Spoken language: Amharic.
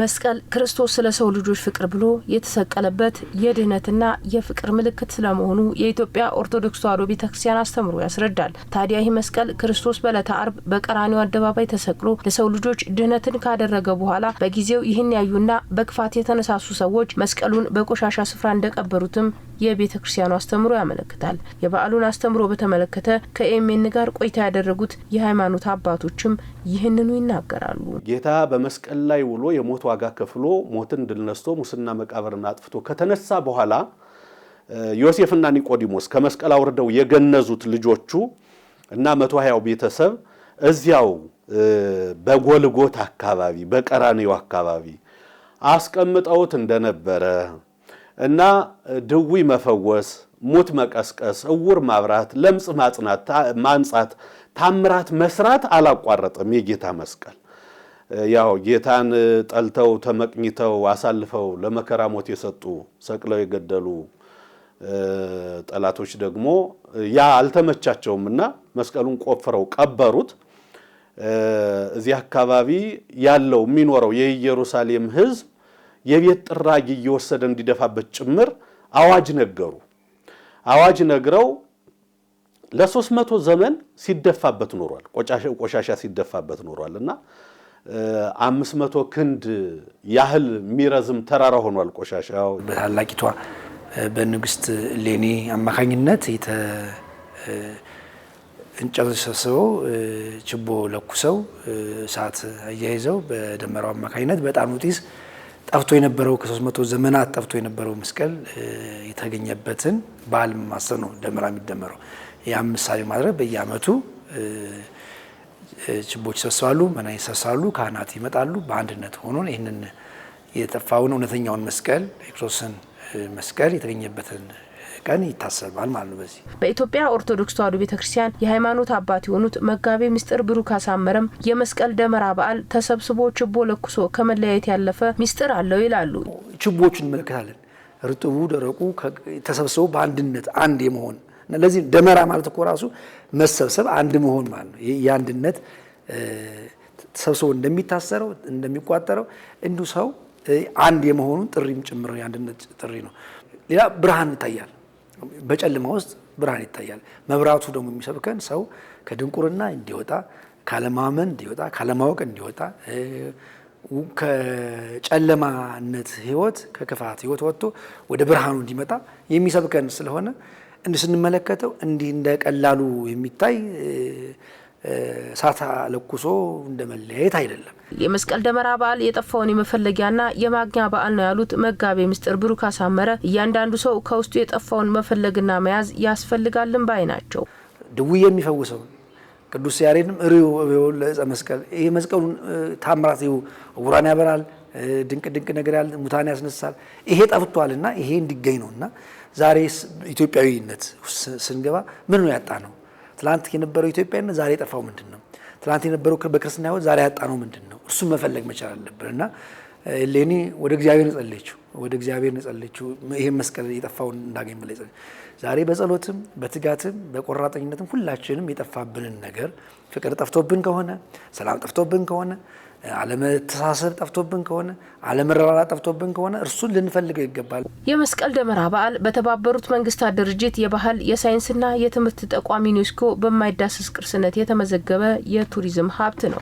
መስቀል ክርስቶስ ስለ ሰው ልጆች ፍቅር ብሎ የተሰቀለበት የድህነትና የፍቅር ምልክት ስለመሆኑ የኢትዮጵያ ኦርቶዶክስ ተዋሕዶ ቤተ ክርስቲያን አስተምሮ ያስረዳል። ታዲያ ይህ መስቀል ክርስቶስ በዕለተ አርብ በቀራኒው አደባባይ ተሰቅሎ ለሰው ልጆች ድህነትን ካደረገ በኋላ በጊዜው ይህን ያዩና በክፋት የተነሳሱ ሰዎች መስቀሉን በቆሻሻ ስፍራ እንደቀበሩትም የቤተ ክርስቲያኑ አስተምሮ ያመለክታል። የበዓሉን አስተምሮ በተመለከተ ከኤሜን ጋር ቆይታ ያደረጉት የሃይማኖት አባቶችም ይህንኑ ይናገራሉ። ጌታ በመስቀል ላይ ውሎ የሞቱ ዋጋ ከፍሎ ሞትን ድል ነስቶ ሙስና መቃብርን አጥፍቶ ከተነሳ በኋላ ዮሴፍና ኒቆዲሞስ ከመስቀል አውርደው የገነዙት ልጆቹ እና መቶ ሀያው ቤተሰብ እዚያው በጎልጎት አካባቢ በቀራንዮ አካባቢ አስቀምጠውት እንደነበረ እና ድዊ መፈወስ፣ ሙት መቀስቀስ፣ እውር ማብራት፣ ለምጽ ማጽናት፣ ማንጻት፣ ታምራት መስራት አላቋረጠም የጌታ መስቀል። ያው ጌታን ጠልተው ተመቅኝተው አሳልፈው ለመከራ ሞት የሰጡ ሰቅለው የገደሉ ጠላቶች ደግሞ ያ አልተመቻቸውም እና መስቀሉን ቆፍረው ቀበሩት። እዚህ አካባቢ ያለው የሚኖረው የኢየሩሳሌም ሕዝብ የቤት ጥራጊ እየወሰደ እንዲደፋበት ጭምር አዋጅ ነገሩ። አዋጅ ነግረው ለሶስት መቶ ዘመን ሲደፋበት ኖሯል። ቆሻሻ ሲደፋበት ኖሯል እና አምስት መቶ ክንድ ያህል የሚረዝም ተራራ ሆኗል። ቆሻሻው በታላቂቷ በንግስት ሌኔ አማካኝነት እንጨት ሰብስበው ችቦ ለኩሰው እሳት አያይዘው በደመራው አማካኝነት በጣም ውጢስ ጠፍቶ የነበረው ከሶስት መቶ ዘመናት ጠፍቶ የነበረው መስቀል የተገኘበትን በዓል ማሰብ ነው ደመራ የሚደመረው። ያም ምሳሌ ማድረግ በየዓመቱ ችቦች ይሰሳሉ፣ መናኝ ይሰሳሉ፣ ካህናት ይመጣሉ። በአንድነት ሆኖን ይህንን የጠፋውን እውነተኛውን መስቀል የክርስቶስን መስቀል የተገኘበትን ቀን ይታሰባል ማለት ነው። በዚህ በኢትዮጵያ ኦርቶዶክስ ተዋሕዶ ቤተ ክርስቲያን የሃይማኖት አባት የሆኑት መጋቤ ምስጢር ብሩክ አሳመረም የመስቀል ደመራ በዓል ተሰብስቦ ችቦ ለኩሶ ከመለያየት ያለፈ ሚስጢር አለው ይላሉ። ችቦቹ እንመለከታለን። ርጥቡ፣ ደረቁ ተሰብስቦ በአንድነት አንድ የመሆን ለዚህ ደመራ ማለት እኮ ራሱ መሰብሰብ አንድ መሆን ማለት ነው። የአንድነት ሰብስቦ እንደሚታሰረው እንደሚቋጠረው እንዲሁ ሰው አንድ የመሆኑን ጥሪም ጭምር የአንድነት ጥሪ ነው። ሌላ ብርሃን ይታያል። በጨለማ ውስጥ ብርሃን ይታያል። መብራቱ ደግሞ የሚሰብከን ሰው ከድንቁርና እንዲወጣ፣ ካለማመን እንዲወጣ፣ ካለማወቅ እንዲወጣ ከጨለማነት ህይወት ከክፋት ህይወት ወጥቶ ወደ ብርሃኑ እንዲመጣ የሚሰብከን ስለሆነ እንዲህ ስንመለከተው እንዲህ እንደ ቀላሉ የሚታይ እሳት ለኩሶ እንደ መለያየት አይደለም። የመስቀል ደመራ በዓል የጠፋውን የመፈለጊያና የማግኛ በዓል ነው ያሉት መጋቤ ምስጢር ብሩክ አሳመረ፣ እያንዳንዱ ሰው ከውስጡ የጠፋውን መፈለግና መያዝ ያስፈልጋልን ባይ ናቸው። ድውይ የሚፈውሰውን ቅዱስ ያሬድም እርዩ ለዕፀ መስቀል ይህ መስቀሉን ታምራት ዕውራን ያበራል፣ ድንቅ ድንቅ ነገር ያለ ሙታን ያስነሳል። ይሄ ጠፍቷል እና ይሄ እንዲገኝ ነው እና ዛሬ ኢትዮጵያዊነት ስንገባ ምን ነው ያጣ ነው? ትላንት የነበረው ኢትዮጵያዊነት ዛሬ የጠፋው ምንድን ነው? ትላንት የነበረው በክርስትና ሕይወት ዛሬ ያጣ ነው ምንድን ነው? እሱም መፈለግ መቻል አለብን እና እሌኒ ወደ እግዚአብሔር ጸለየችው፣ ወደ እግዚአብሔር ጸለየችው። ይሄን መስቀል የጠፋውን እንዳገኝ ብለ ጸለየች። ዛሬ በጸሎትም በትጋትም በቆራጠኝነትም ሁላችንም የጠፋብንን ነገር ፍቅር ጠፍቶብን ከሆነ ሰላም ጠፍቶብን ከሆነ አለመተሳሰብ ጠፍቶብን ከሆነ አለመረራራ ጠፍቶብን ከሆነ እርሱን ልንፈልገው ይገባል። የመስቀል ደመራ በዓል በተባበሩት መንግስታት ድርጅት የባህል የሳይንስና የትምህርት ተቋም ዩኔስኮ በማይዳሰስ ቅርስነት የተመዘገበ የቱሪዝም ሀብት ነው።